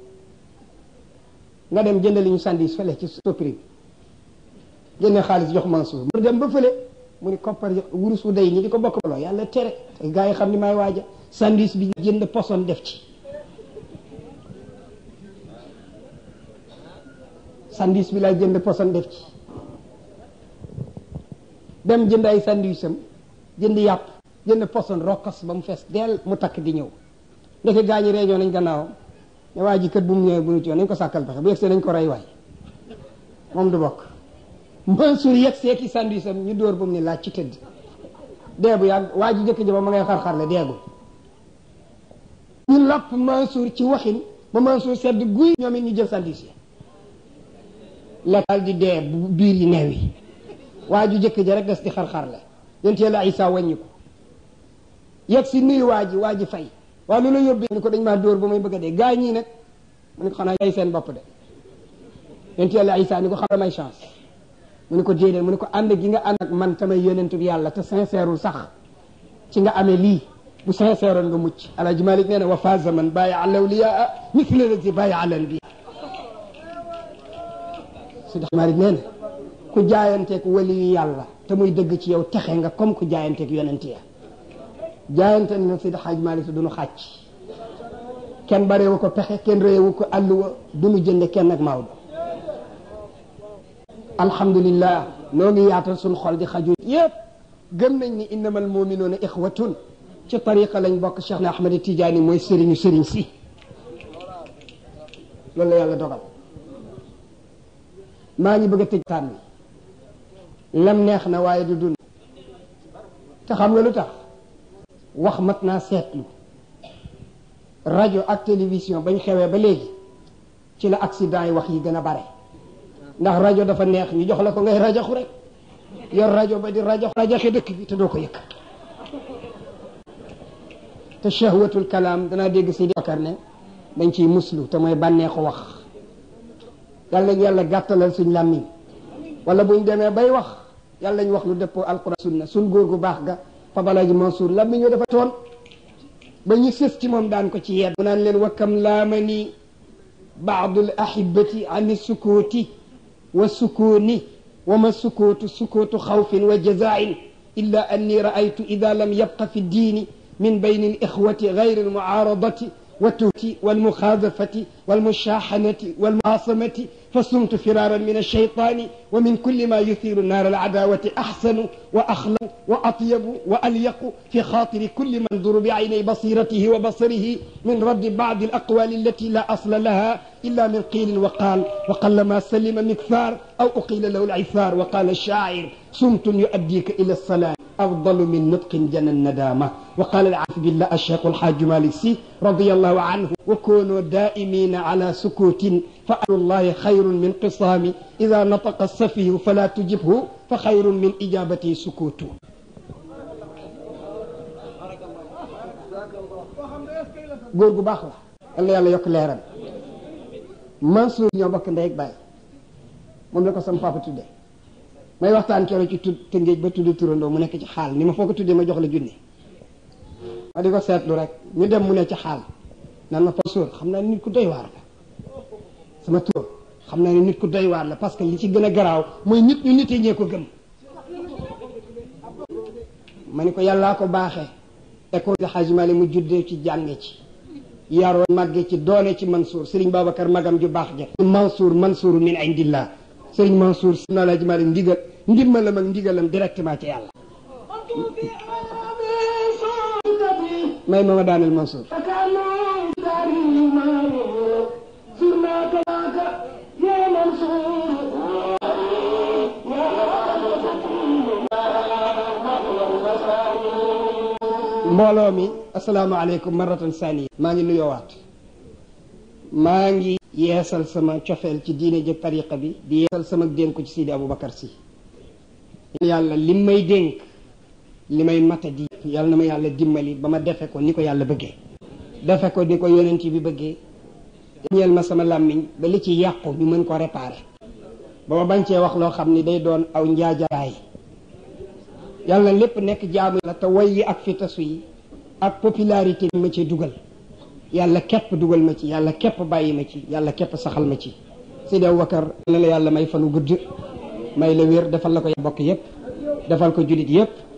nga dem jënd li ñu sandis fële ci sopprime génne xaalis jox Mansour mu dem ba fële mu ni koppar wurus wu day ñi di ko bokk loo yàlla tere te gaa yi xam ni maay waaja sandwich bi jënd poson def ci sandwich bi laa jënd poson def ci dem jënd ay sandwich jënd yàpp jënd poson rokkos ba mu fees dell mu takk di ñëw ndeke gaa ñi réunion nañ gannaawam ne waa ji kër bu mu ñëwee bu ñu yoon nañ ko sàkkal pexe bu yegsee nañ ko rey waay moom du bokk Mansour yegg seeki sandwich am ñu dóor ba mu ne laaj ci tëdd deegu yàgg waa ji jëkk ji ba ma ngay xar-xarle deegu ñu lapp Mansour ci waxin ba Mansour sedd guy ñoom it ñu jël sandwich yi lakkal di dee biir yi neew yi waa ju jëkk ji rek des di xar-xarle yéen teel a Isaa wàññi ko yegg si nuyu waa ji waa ji fay waa lu la yóbbee ni ko dañ maa dóor ba may bëgg de dee gaa ñii nag mu ne ko xanaa yaay seen bopp de yéen teel a Isaa ni ko xam may chance mu ne ko déedéet mu ne ko ànd gi nga ànd ak man tamay yonentub yàlla te sincèreul sax ci nga amee lii bu sincèreoon nga mucc alaaji malik nee na wa faza man bàyyi alawliyaa misla a bàyyi alan bi sidi malik nee na ku jaayanteeg wali yàlla te muy dëgg ci yow texe nga comme ku jaayanteeg yonent ya jaayante na sidi xaaj malik te duñu xàcc kenn bareewu ko pexe kenn réewu ko àlluwa duñu jënd kenn ak Maodo الحمد لله نوني ياتر سون خول دي خاجو ييب گم نني انما المؤمنون اخوة تي طريقه لا نبوك شيخنا احمد التجاني موي سيرين سيرين سي لول لا يالا دوغال ما ني بغا تيج تان لم نيخنا واي دودون تا خام لو لوتاخ واخ متنا سيتلو راديو اك تيليفزيون باغي خيوي با ليجي تي لا اكسيدان واخ يي گنا باري ndax rajo dafa neex ñu jox la ko ngay rajaxu rek yor rajo ba di rajaxu rajaxe dëkk bi te doo ko yëkk te shahwatul kalaam danaa dégg si di bakar ne dañ ciy muslu te mooy bànneexu wax yàlla ñu yàlla gàttalal suñ làmmiñ wala buñ demee bay wax yàlla ñu wax lu dëppoo alquran sunna sun góor gu baax ga fabalaji mansour làmmiñoo dafa toon ba ñu sës ci moom daan ko ci yedd mu naan leen wakkam laamani baadul ahibati ani sukuuti والسكون وما السكوت السكوت خوف وجزاء إلا أني رأيت إذا لم يبق في الدين من بين الإخوة غير المعارضة والتهت والمخاذفة والمشاحنة والمعاصمة فصمت فرارا من الشيطان ومن كل ما يثير نار العداوة أحسن وأخلق وأطيب وأليق في خاطر كل من ذر بعيني بصيرته وبصره من رد بعض الأقوال التي لا أصل لها إلا من قيل وقال وقلما سلم مكثار أو أقيل له العثار وقال الشاعر صمت يؤديك إلى الصلاة أفضل من نطق جنى الندامة وقال العافي بالله الشيخ الحاج مالك رضي الله عنه وكونوا دائمين الآخرين على سكوت فأمر الله خير من قصام إذا نطق السفيه فلا تجبه فخير من إجابته سكوت góor gu baax la yal na yàlla yokk leeram Mansour ñoo bokk ndey ak bàyyi moom la ko sama papa tudde may waxtaan keroog ci tud tëngéej ba tudd turandoo mu nekk ci xaal ni ma foo ko tuddee ma jox la junni ma di ko seetlu rek ñu dem mu ne ci xaal nan ma pastor xam naa ne nit ku doy waar la sama xam naa nit ku doy la parce que li ci gën a garaaw mooy nit ñu nitee ñee ko gëm ma ni ko yàllaa ko baaxee école de Hadj mu juddee ci jànge ci yaroo màgge ci doone ci Mansour Serigne Babacar magam ju baax ja Mansour Mansour min indillah Serigne Mansour si na Hadj Malick ndigal ndimbalam ak ndigalam directement ci yàlla may ma ma daaneel Mansour mbooloo mi asalaamaaleykum maratan saniya maa ngi nuyoowaat maa ngi yeesal sama cofeel ci diine jë tariqa bi di yeesal sama dénk ci Sidi Aboubacar si yàlla lim may dénk li may mata di yàlla na ma yàlla dimmali ba ma defe ko ni ko yàlla bëggee defe ko ni ko yonent bi bëggee ñeel ma sama làmmiñ ba li ci yàqu ñu mën ko réparer ba ma bañ cee wax loo xam ni day doon aw njaajaay yàlla lépp nekk jaamu la te way yi ak fitasu yi ak popularité ma ci dugal yàlla képp dugal ma ci yàlla képp bàyyi ma ci yàlla képp saxal ma ci Seydi Abubakar na la yàlla may fanu gudd may la wér defal la ko bokk yépp defal ko julit yépp